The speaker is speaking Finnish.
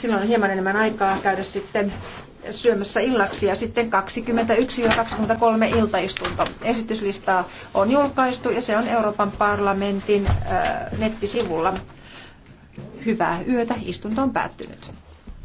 Silloin on hieman enemmän aikaa käydä sitten syömässä illaksi ja sitten 21-23 iltaistunto. Esityslistaa on julkaistu ja se on Euroopan parlamentin äh, nettisivulla. Hyvää yötä, istunto on päättynyt.